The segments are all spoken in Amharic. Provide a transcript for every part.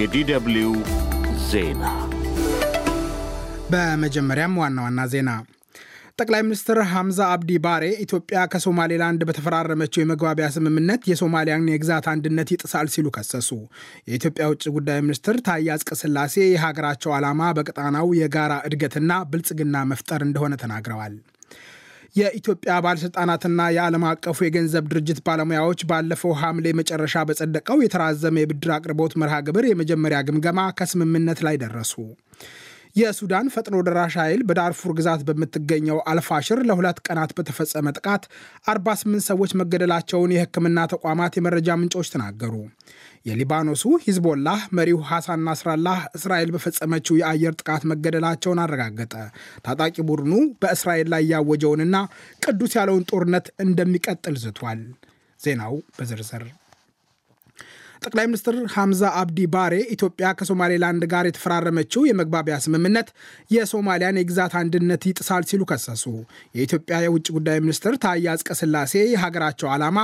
የዲደብልዩ ዜና። በመጀመሪያም ዋና ዋና ዜና ጠቅላይ ሚኒስትር ሐምዛ አብዲ ባሬ ኢትዮጵያ ከሶማሌላንድ በተፈራረመችው የመግባቢያ ስምምነት የሶማሊያን የግዛት አንድነት ይጥሳል ሲሉ ከሰሱ። የኢትዮጵያ ውጭ ጉዳይ ሚኒስትር ታዬ አጽቀሥላሴ የሀገራቸው ዓላማ በቀጣናው የጋራ እድገትና ብልጽግና መፍጠር እንደሆነ ተናግረዋል። የኢትዮጵያ ባለስልጣናትና የዓለም አቀፉ የገንዘብ ድርጅት ባለሙያዎች ባለፈው ሐምሌ መጨረሻ በጸደቀው የተራዘመ የብድር አቅርቦት መርሃ ግብር የመጀመሪያ ግምገማ ከስምምነት ላይ ደረሱ። የሱዳን ፈጥኖ ደራሽ ኃይል በዳርፉር ግዛት በምትገኘው አልፋሽር ለሁለት ቀናት በተፈጸመ ጥቃት 48 ሰዎች መገደላቸውን የሕክምና ተቋማት የመረጃ ምንጮች ተናገሩ። የሊባኖሱ ሂዝቦላህ መሪው ሐሳን ናስራላህ እስራኤል በፈጸመችው የአየር ጥቃት መገደላቸውን አረጋገጠ። ታጣቂ ቡድኑ በእስራኤል ላይ ያወጀውንና ቅዱስ ያለውን ጦርነት እንደሚቀጥል ዝቷል። ዜናው በዝርዝር ጠቅላይ ሚኒስትር ሐምዛ አብዲ ባሬ ኢትዮጵያ ከሶማሌላንድ ጋር የተፈራረመችው የመግባቢያ ስምምነት የሶማሊያን የግዛት አንድነት ይጥሳል ሲሉ ከሰሱ። የኢትዮጵያ የውጭ ጉዳይ ሚኒስትር ታዬ አጽቀሥላሴ የሀገራቸው ዓላማ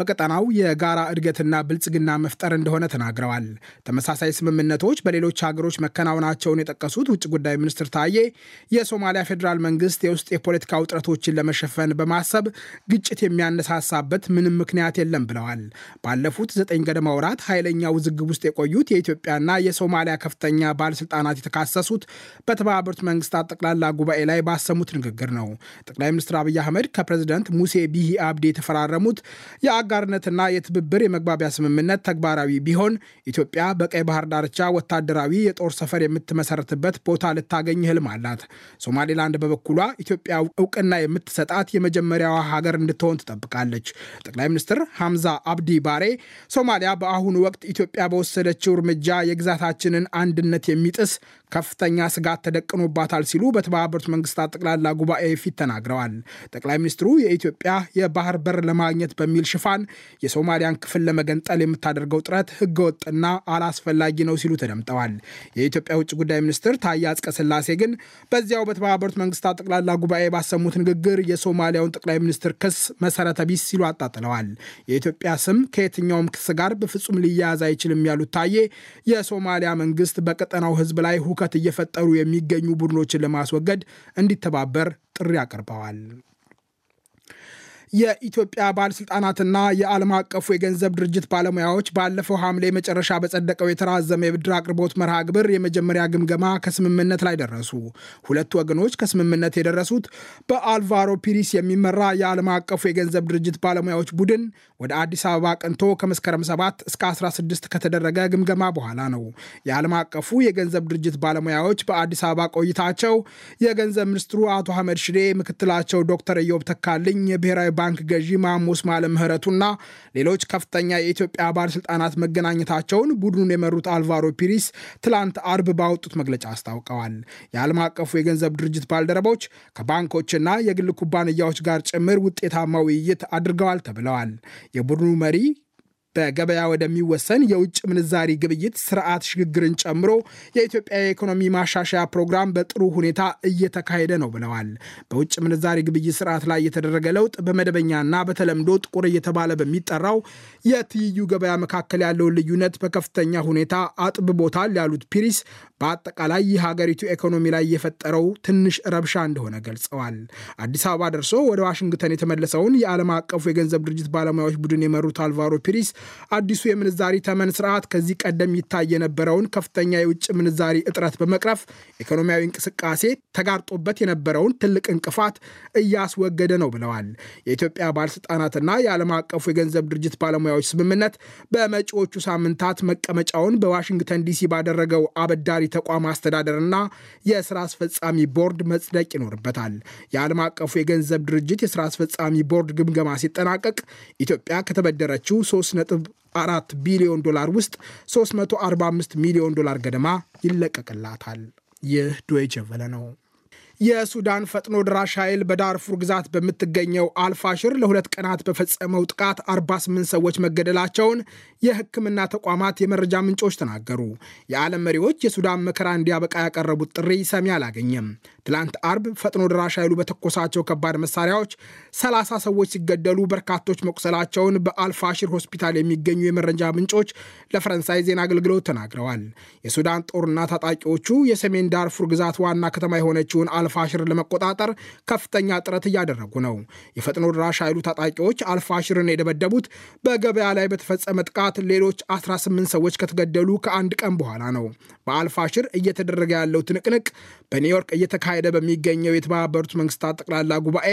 በቀጠናው የጋራ እድገትና ብልጽግና መፍጠር እንደሆነ ተናግረዋል። ተመሳሳይ ስምምነቶች በሌሎች ሀገሮች መከናወናቸውን የጠቀሱት ውጭ ጉዳይ ሚኒስትር ታዬ የሶማሊያ ፌዴራል መንግስት የውስጥ የፖለቲካ ውጥረቶችን ለመሸፈን በማሰብ ግጭት የሚያነሳሳበት ምንም ምክንያት የለም ብለዋል። ባለፉት ዘጠኝ ገደማ ወራት ኃይለኛ ውዝግብ ውስጥ የቆዩት የኢትዮጵያና የሶማሊያ ከፍተኛ ባለስልጣናት የተካሰሱት በተባበሩት መንግስታት ጠቅላላ ጉባኤ ላይ ባሰሙት ንግግር ነው። ጠቅላይ ሚኒስትር አብይ አህመድ ከፕሬዚደንት ሙሴ ቢሂ አብዲ የተፈራረሙት የአጋርነትና የትብብር የመግባቢያ ስምምነት ተግባራዊ ቢሆን ኢትዮጵያ በቀይ ባህር ዳርቻ ወታደራዊ የጦር ሰፈር የምትመሰረትበት ቦታ ልታገኝ ህልም አላት። ሶማሌላንድ በበኩሏ ኢትዮጵያ እውቅና የምትሰጣት የመጀመሪያዋ ሀገር እንድትሆን ትጠብቃለች። ጠቅላይ ሚኒስትር ሐምዛ አብዲ ባሬ ሶማሊያ በአሁኑ ወቅት ኢትዮጵያ በወሰደችው እርምጃ የግዛታችንን አንድነት የሚጥስ ከፍተኛ ስጋት ተደቅኖባታል ሲሉ በተባበሩት መንግስታት ጠቅላላ ጉባኤ ፊት ተናግረዋል። ጠቅላይ ሚኒስትሩ የኢትዮጵያ የባህር በር ለማግኘት በሚል ሽፋን የሶማሊያን ክፍል ለመገንጠል የምታደርገው ጥረት ህገወጥና አላስፈላጊ ነው ሲሉ ተደምጠዋል። የኢትዮጵያ ውጭ ጉዳይ ሚኒስትር ታዬ አጽቀሥላሴ ግን በዚያው በተባበሩት መንግስታት ጠቅላላ ጉባኤ ባሰሙት ንግግር የሶማሊያውን ጠቅላይ ሚኒስትር ክስ መሰረተ ቢስ ሲሉ አጣጥለዋል። የኢትዮጵያ ስም ከየትኛውም ክስ ጋር በፍጹም ሊያያዝ አይችልም ያሉት ታዬ የሶማሊያ መንግስት በቀጠናው ህዝብ ላይ ሁከት እየፈጠሩ የሚገኙ ቡድኖችን ለማስወገድ እንዲተባበር ጥሪ አቅርበዋል። የኢትዮጵያ ባለስልጣናትና የዓለም አቀፉ የገንዘብ ድርጅት ባለሙያዎች ባለፈው ሐምሌ መጨረሻ በጸደቀው የተራዘመ የብድር አቅርቦት መርሃ ግብር የመጀመሪያ ግምገማ ከስምምነት ላይ ደረሱ። ሁለቱ ወገኖች ከስምምነት የደረሱት በአልቫሮ ፒሪስ የሚመራ የዓለም አቀፉ የገንዘብ ድርጅት ባለሙያዎች ቡድን ወደ አዲስ አበባ ቀንቶ ከመስከረም 7 እስከ 16 ከተደረገ ግምገማ በኋላ ነው። የዓለም አቀፉ የገንዘብ ድርጅት ባለሙያዎች በአዲስ አበባ ቆይታቸው የገንዘብ ሚኒስትሩ አቶ አህመድ ሽዴ፣ ምክትላቸው ዶክተር ኢዮብ ተካልኝ፣ የብሔራዊ ባንክ ገዢ ማሙስ ማለ ምህረቱና ሌሎች ከፍተኛ የኢትዮጵያ ባለስልጣናት መገናኘታቸውን ቡድኑን የመሩት አልቫሮ ፒሪስ ትላንት አርብ ባወጡት መግለጫ አስታውቀዋል። የዓለም አቀፉ የገንዘብ ድርጅት ባልደረቦች ከባንኮችና የግል ኩባንያዎች ጋር ጭምር ውጤታማ ውይይት አድርገዋል ተብለዋል። የቡድኑ መሪ በገበያ ወደሚወሰን የውጭ ምንዛሪ ግብይት ስርዓት ሽግግርን ጨምሮ የኢትዮጵያ የኢኮኖሚ ማሻሻያ ፕሮግራም በጥሩ ሁኔታ እየተካሄደ ነው ብለዋል። በውጭ ምንዛሪ ግብይት ስርዓት ላይ የተደረገ ለውጥ በመደበኛና በተለምዶ ጥቁር እየተባለ በሚጠራው የትይዩ ገበያ መካከል ያለውን ልዩነት በከፍተኛ ሁኔታ አጥብቦታል ያሉት ፒሪስ በአጠቃላይ ይህ ሀገሪቱ ኢኮኖሚ ላይ የፈጠረው ትንሽ ረብሻ እንደሆነ ገልጸዋል። አዲስ አበባ ደርሶ ወደ ዋሽንግተን የተመለሰውን የዓለም አቀፉ የገንዘብ ድርጅት ባለሙያዎች ቡድን የመሩት አልቫሮ ፒሪስ አዲሱ የምንዛሪ ተመን ስርዓት ከዚህ ቀደም ይታይ የነበረውን ከፍተኛ የውጭ ምንዛሪ እጥረት በመቅረፍ ኢኮኖሚያዊ እንቅስቃሴ ተጋርጦበት የነበረውን ትልቅ እንቅፋት እያስወገደ ነው ብለዋል። የኢትዮጵያ ባለስልጣናትና የዓለም አቀፉ የገንዘብ ድርጅት ባለሙያዎች ስምምነት በመጪዎቹ ሳምንታት መቀመጫውን በዋሽንግተን ዲሲ ባደረገው አበዳሪ ተቋም አስተዳደርና የስራ አስፈጻሚ ቦርድ መጽደቅ ይኖርበታል። የዓለም አቀፉ የገንዘብ ድርጅት የስራ አስፈጻሚ ቦርድ ግምገማ ሲጠናቀቅ ኢትዮጵያ ከተበደረችው 3 አራት ቢሊዮን ዶላር ውስጥ 345 ሚሊዮን ዶላር ገደማ ይለቀቅላታል። ይህ ዶይቸ ቨለ ነው። የሱዳን ፈጥኖ ድራሽ ኃይል በዳርፉር ግዛት በምትገኘው አልፋሽር ለሁለት ቀናት በፈጸመው ጥቃት 48 ሰዎች መገደላቸውን የሕክምና ተቋማት የመረጃ ምንጮች ተናገሩ። የዓለም መሪዎች የሱዳን መከራ እንዲያበቃ ያቀረቡት ጥሪ ሰሚ አላገኘም። ትላንት አርብ ፈጥኖ ድራሽ ኃይሉ በተኮሳቸው ከባድ መሳሪያዎች 30 ሰዎች ሲገደሉ በርካቶች መቁሰላቸውን በአልፋሽር ሆስፒታል የሚገኙ የመረጃ ምንጮች ለፈረንሳይ ዜና አገልግሎት ተናግረዋል። የሱዳን ጦርና ታጣቂዎቹ የሰሜን ዳርፉር ግዛት ዋና ከተማ የሆነችውን አልፋሽር ለመቆጣጠር ከፍተኛ ጥረት እያደረጉ ነው። የፈጥኖ ድራሽ ኃይሉ ታጣቂዎች አልፋሽርን የደበደቡት በገበያ ላይ በተፈጸመ ጥቃት ሌሎች 18 ሰዎች ከተገደሉ ከአንድ ቀን በኋላ ነው። በአልፋሽር እየተደረገ ያለው ትንቅንቅ በኒውዮርክ እየተካሄደ በሚገኘው የተባበሩት መንግስታት ጠቅላላ ጉባኤ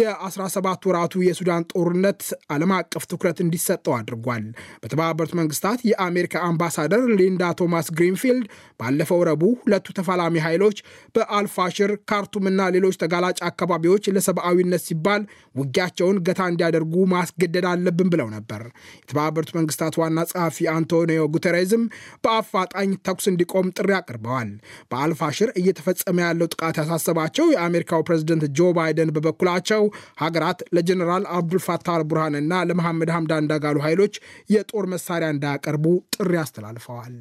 የ17 ወራቱ የሱዳን ጦርነት ዓለም አቀፍ ትኩረት እንዲሰጠው አድርጓል። በተባበሩት መንግስታት የአሜሪካ አምባሳደር ሊንዳ ቶማስ ግሪንፊልድ ባለፈው ረቡዕ ሁለቱ ተፋላሚ ኃይሎች በአልፋሽር ካርቱምና ሌሎች ተጋላጭ አካባቢዎች ለሰብአዊነት ሲባል ውጊያቸውን ገታ እንዲያደርጉ ማስገደድ አለብን ብለው ነበር። የተባበሩት መንግስታት ዋና ጸሐፊ አንቶኒዮ ጉተሬዝም በአፋጣኝ ተኩስ እንዲቆም ጥሪ አቅርበዋል። በአልፋሽር እየተፈጸመ ያለው ጥቃት ያሳሰባቸው የአሜሪካው ፕሬዝደንት ጆ ባይደን በበኩላቸው ሀገራት ለጀኔራል አብዱልፋታህ አልቡርሃንና ለመሐመድ ሐምዳን ዳጋሉ ኃይሎች የጦር መሳሪያ እንዳያቀርቡ ጥሪ አስተላልፈዋል።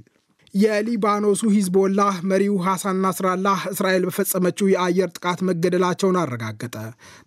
የሊባኖሱ ሂዝቦላህ መሪው ሐሳን ናስራላህ እስራኤል በፈጸመችው የአየር ጥቃት መገደላቸውን አረጋገጠ።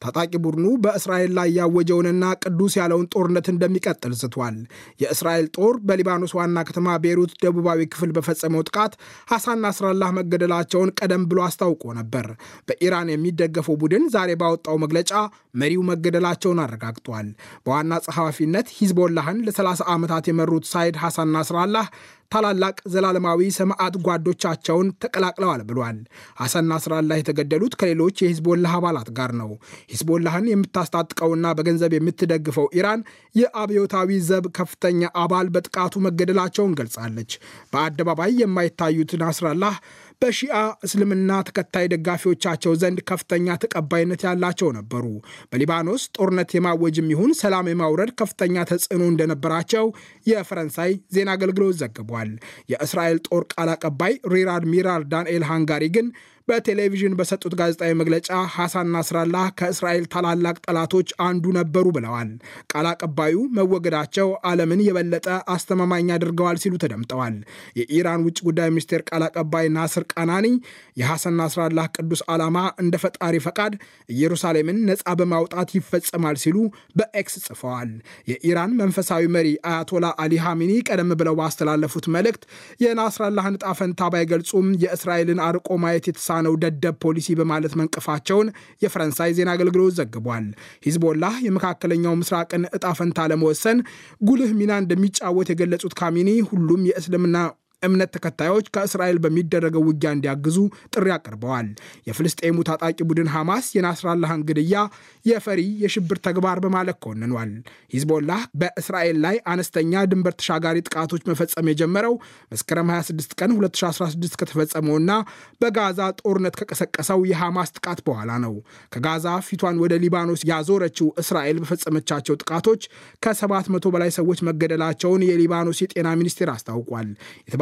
ታጣቂ ቡድኑ በእስራኤል ላይ ያወጀውንና ቅዱስ ያለውን ጦርነት እንደሚቀጥል ዝቷል። የእስራኤል ጦር በሊባኖስ ዋና ከተማ ቤሩት ደቡባዊ ክፍል በፈጸመው ጥቃት ሐሳን ናስራላህ መገደላቸውን ቀደም ብሎ አስታውቆ ነበር። በኢራን የሚደገፈው ቡድን ዛሬ ባወጣው መግለጫ መሪው መገደላቸውን አረጋግጧል። በዋና ጸሐፊነት ሂዝቦላህን ለ30 ዓመታት የመሩት ሳይድ ሐሳን ናስራላህ ታላላቅ ዘላለማዊ ሰማዕት ጓዶቻቸውን ተቀላቅለዋል ብሏል። ሐሰን ናስራላህ የተገደሉት ከሌሎች የሂዝቦላህ አባላት ጋር ነው። ሂዝቦላህን የምታስታጥቀውና በገንዘብ የምትደግፈው ኢራን የአብዮታዊ ዘብ ከፍተኛ አባል በጥቃቱ መገደላቸውን ገልጻለች። በአደባባይ የማይታዩት ናስራላህ በሺአ እስልምና ተከታይ ደጋፊዎቻቸው ዘንድ ከፍተኛ ተቀባይነት ያላቸው ነበሩ። በሊባኖስ ጦርነት የማወጅም ይሁን ሰላም የማውረድ ከፍተኛ ተጽዕኖ እንደነበራቸው የፈረንሳይ ዜና አገልግሎት ዘግቧል። የእስራኤል ጦር ቃል አቀባይ ሪር አድሚራል ዳንኤል ሃንጋሪ ግን በቴሌቪዥን በሰጡት ጋዜጣዊ መግለጫ ሐሳን ናስራላህ ከእስራኤል ታላላቅ ጠላቶች አንዱ ነበሩ ብለዋል። ቃል አቀባዩ መወገዳቸው ዓለምን የበለጠ አስተማማኝ አድርገዋል ሲሉ ተደምጠዋል። የኢራን ውጭ ጉዳይ ሚኒስቴር ቃል አቀባይ ናስር ቀናኒ የሐሰን ናስራላህ ቅዱስ ዓላማ እንደ ፈጣሪ ፈቃድ ኢየሩሳሌምን ነፃ በማውጣት ይፈጸማል ሲሉ በኤክስ ጽፈዋል። የኢራን መንፈሳዊ መሪ አያቶላ አሊ ሐሚኒ ቀደም ብለው ባስተላለፉት መልእክት የናስራላህን ዕጣ ፈንታ ባይገልጹም የእስራኤልን አርቆ ማየት የተሳ የተሳነው ደደብ ፖሊሲ በማለት መንቀፋቸውን የፈረንሳይ ዜና አገልግሎት ዘግቧል። ሂዝቦላ የመካከለኛው ምስራቅን እጣፈንታ ለመወሰን ጉልህ ሚና እንደሚጫወት የገለጹት ካሚኒ ሁሉም የእስልምና እምነት ተከታዮች ከእስራኤል በሚደረገው ውጊያ እንዲያግዙ ጥሪ አቅርበዋል። የፍልስጤሙ ታጣቂ ቡድን ሐማስ የናስራላህን ግድያ የፈሪ የሽብር ተግባር በማለት ኮንኗል። ሂዝቦላህ በእስራኤል ላይ አነስተኛ ድንበር ተሻጋሪ ጥቃቶች መፈጸም የጀመረው መስከረም 26 ቀን 2016 ከተፈጸመውና በጋዛ ጦርነት ከቀሰቀሰው የሐማስ ጥቃት በኋላ ነው። ከጋዛ ፊቷን ወደ ሊባኖስ ያዞረችው እስራኤል በፈጸመቻቸው ጥቃቶች ከ700 በላይ ሰዎች መገደላቸውን የሊባኖስ የጤና ሚኒስቴር አስታውቋል።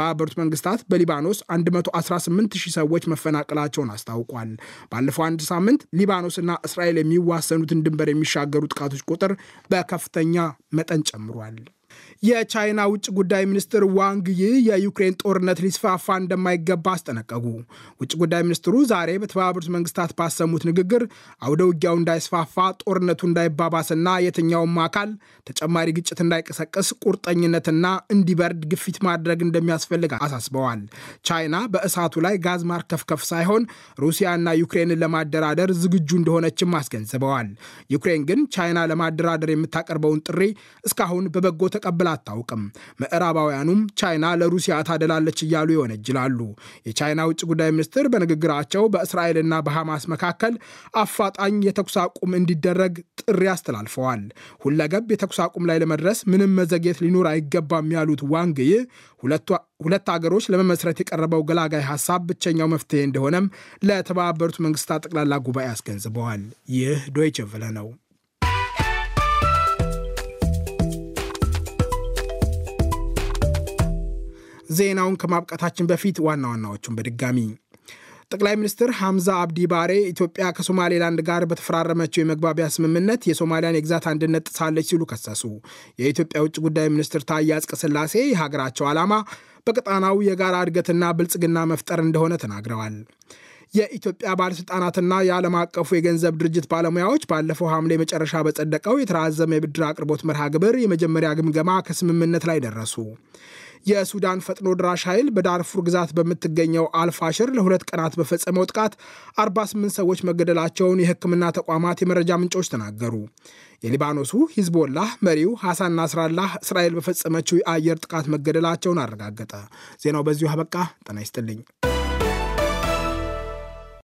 የተባበሩት መንግስታት በሊባኖስ 118000 ሰዎች መፈናቀላቸውን አስታውቋል። ባለፈው አንድ ሳምንት ሊባኖስና እስራኤል የሚዋሰኑትን ድንበር የሚሻገሩ ጥቃቶች ቁጥር በከፍተኛ መጠን ጨምሯል። የቻይና ውጭ ጉዳይ ሚኒስትር ዋንግ ይ የዩክሬን ጦርነት ሊስፋፋ እንደማይገባ አስጠነቀቁ። ውጭ ጉዳይ ሚኒስትሩ ዛሬ በተባበሩት መንግስታት ባሰሙት ንግግር አውደ ውጊያው እንዳይስፋፋ፣ ጦርነቱ እንዳይባባስና የትኛውም አካል ተጨማሪ ግጭት እንዳይቀሰቀስ ቁርጠኝነትና እንዲበርድ ግፊት ማድረግ እንደሚያስፈልግ አሳስበዋል። ቻይና በእሳቱ ላይ ጋዝ ማርከፍከፍ ሳይሆን ሩሲያና ዩክሬንን ለማደራደር ዝግጁ እንደሆነችም አስገንዝበዋል። ዩክሬን ግን ቻይና ለማደራደር የምታቀርበውን ጥሪ እስካሁን በበጎ ተቀብላል ስትባል አታውቅም። ምዕራባውያኑም ቻይና ለሩሲያ ታደላለች እያሉ ይወነጅላሉ። የቻይና ውጭ ጉዳይ ሚኒስትር በንግግራቸው በእስራኤልና በሐማስ መካከል አፋጣኝ የተኩስ አቁም እንዲደረግ ጥሪ አስተላልፈዋል። ሁለገብ የተኩስ አቁም ላይ ለመድረስ ምንም መዘግየት ሊኖር አይገባም ያሉት ዋንግ ሁለት አገሮች ለመመስረት የቀረበው ገላጋይ ሀሳብ ብቸኛው መፍትሄ እንደሆነም ለተባበሩት መንግስታት ጠቅላላ ጉባኤ አስገንዝበዋል። ይህ ዶይቸ ቬለ ነው። ዜናውን ከማብቃታችን በፊት ዋና ዋናዎቹን በድጋሚ ጠቅላይ ሚኒስትር ሐምዛ አብዲ ባሬ ኢትዮጵያ ከሶማሌላንድ ጋር በተፈራረመችው የመግባቢያ ስምምነት የሶማሊያን የግዛት አንድነት ጥሳለች ሲሉ ከሰሱ። የኢትዮጵያ ውጭ ጉዳይ ሚኒስትር ታዬ አጽቀሥላሴ የሀገራቸው ዓላማ በቀጣናው የጋራ እድገትና ብልጽግና መፍጠር እንደሆነ ተናግረዋል። የኢትዮጵያ ባለሥልጣናትና የዓለም አቀፉ የገንዘብ ድርጅት ባለሙያዎች ባለፈው ሐምሌ መጨረሻ በጸደቀው የተራዘመ የብድር አቅርቦት መርሃ ግብር የመጀመሪያ ግምገማ ከስምምነት ላይ ደረሱ። የሱዳን ፈጥኖ ድራሽ ኃይል በዳርፉር ግዛት በምትገኘው አልፋሽር ለሁለት ቀናት በፈጸመው ጥቃት 48 ሰዎች መገደላቸውን የሕክምና ተቋማት የመረጃ ምንጮች ተናገሩ። የሊባኖሱ ሂዝቦላህ መሪው ሐሳን ናስራላህ እስራኤል በፈጸመችው የአየር ጥቃት መገደላቸውን አረጋገጠ። ዜናው በዚሁ አበቃ። ጤና ይስጥልኝ።